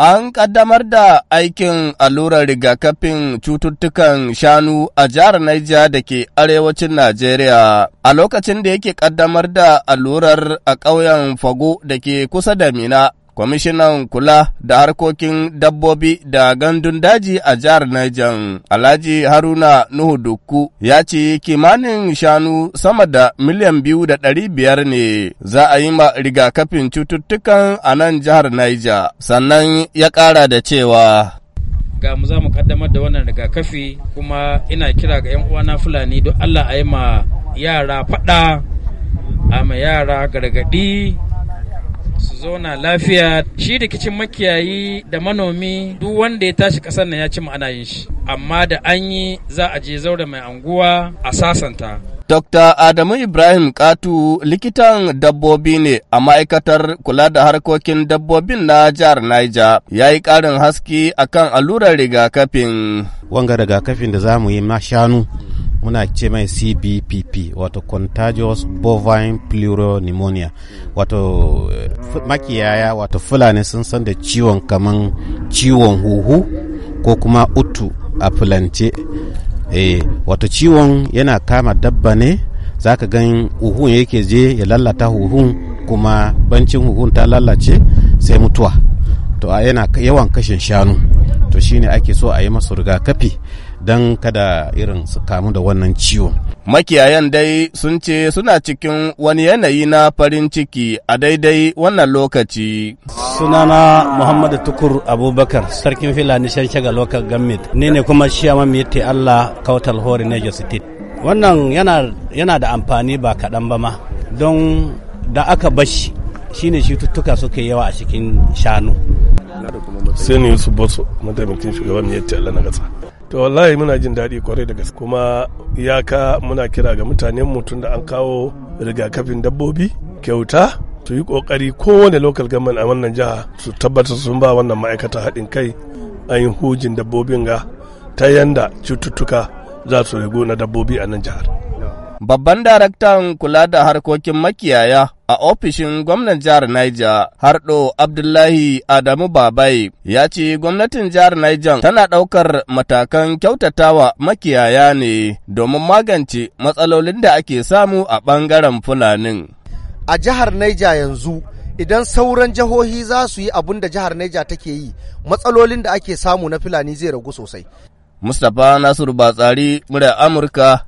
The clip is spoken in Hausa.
An ƙaddamar da aikin allurar rigakafin cututtukan shanu a jihar Niger da ke arewacin Najeriya a lokacin da yake ƙaddamar da allurar a ƙauyen Fago da ke kusa da Mina kwamishinan kula da harkokin dabbobi da gandun daji a jihar Niger, Alhaji Haruna Nuhu Dukku ya ce kimanin shanu sama da miliyan biyu da ɗari biyar ne za a yi ma rigakafin cututtukan a nan jihar Niger, sannan ya ƙara da cewa. ga mu za mu kaddamar da wannan rigakafi kuma ina kira ga 'yan uwana fulani don Allah a yi ma yara faɗa a ma yara gargaɗi su zauna lafiya shi rikicin makiyayi da manomi duk wanda ya tashi kasar na ya ci ma'ana yin shi amma da an yi za a je zaure mai anguwa a sasanta Dr. Adamu Ibrahim Katu likitan dabbobi ne a ma'aikatar kula da harkokin dabbobin na jihar Niger ya yi ƙarin haske akan allurar rigakafin. Wanga rigakafin da za mu yi ma shanu muna ce mai cbpp wato contagious bovine pleuropneumonia wato eh, makiyaya wato fulani sun san da ciwon kaman ciwon huhu ko kuma utu a fulance e, wato ciwon yana kama dabba ne za ka gan huhun yake je ya lalata huhun kuma bancin huhun ta lalace sai mutuwa to a yana yawan kashin shanu to shine ake so a yi masu rigakafi don kada irin su kamu da wannan ciwon. Makiyayan dai sun ce suna cikin wani yanayi na farin ciki a daidai wannan lokaci. Sunana Muhammadu Tukur Abubakar, sarkin filani Shanshaga Local Government, ni ne kuma shiyama miti Allah Kautal Hori Niger State. Wannan yana, da amfani ba kaɗan ba ma, don da aka bashi shine shi tuttuka suke yawa a cikin shanu. ne Yusuf Boso mataimakin shugaban ce Allah na gasa. To wallahi muna jin daɗi kwarai da gaske kuma iyaka muna kira ga mutanen mutum da an kawo rigakafin dabbobi kyauta su yi ƙoƙari kowane lokal government a wannan jiha su tabbatar sun ba wannan ma'aikata haɗin kai an yi hujin dabbobin ga ta yanda cututtuka za su ragu na dabbobi a nan jihar. Babban daraktan kula da harkokin makiyaya a ofishin gwamnan jihar Niger, Hardo Abdullahi Adamu Babai, ya ce gwamnatin jihar Niger tana ɗaukar matakan kyautatawa makiyaya ne domin magance matsalolin da ake samu a ɓangaren Fulanin. A jihar Niger yanzu idan sauran jihohi za su yi abin da jihar Niger take yi, matsalolin da ake samu na Fulani zai ragu sosai. Mustapha Nasiru Batsari, murya Amurka